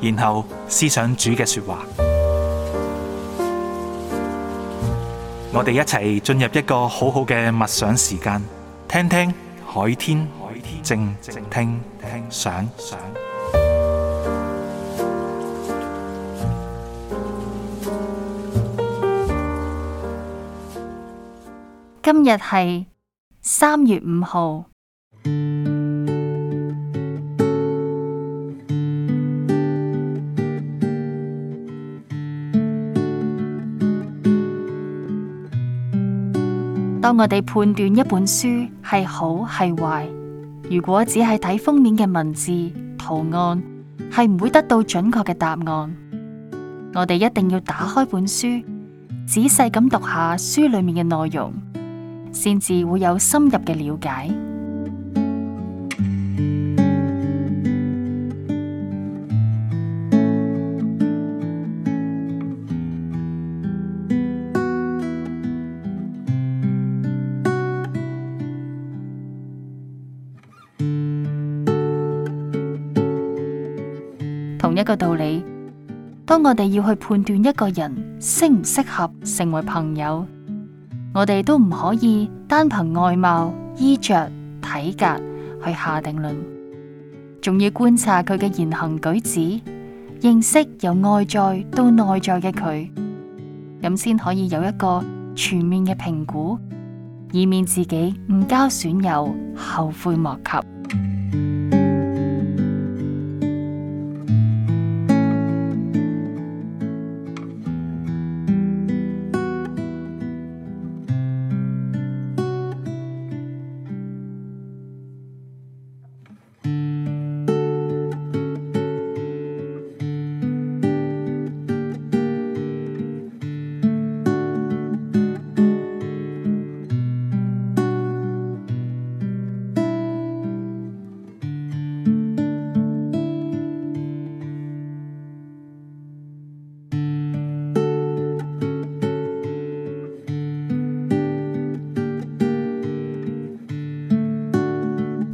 然後思想主嘅說話，我哋一齊進入一個好好嘅默想時間，聽聽海天靜聽想。今日係三月五號。當我哋判斷一本書係好係壞，如果只係睇封面嘅文字、圖案，係唔會得到準確嘅答案。我哋一定要打開本書，仔細咁讀下書裏面嘅內容，先至會有深入嘅了解。一個道理，當我哋要去判斷一個人適唔適合成為朋友，我哋都唔可以單憑外貌、衣着、體格去下定論，仲要觀察佢嘅言行舉止，認識由外在到內在嘅佢，咁先可以有一個全面嘅評估，以免自己唔交損友，後悔莫及。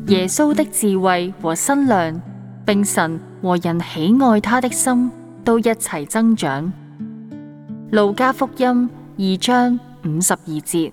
耶穌的智慧和身量，並神和人喜愛他的心，都一齊增長。路加福音二章五十二節。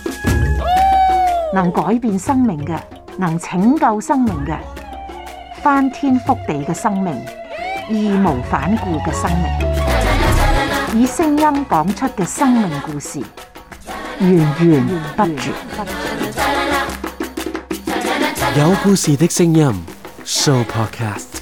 能改變生命嘅，能拯救生命嘅，翻天覆地嘅生命，義無反顧嘅生命，以聲音講出嘅生命故事，源源不絕。有故事的聲音，Show Podcast。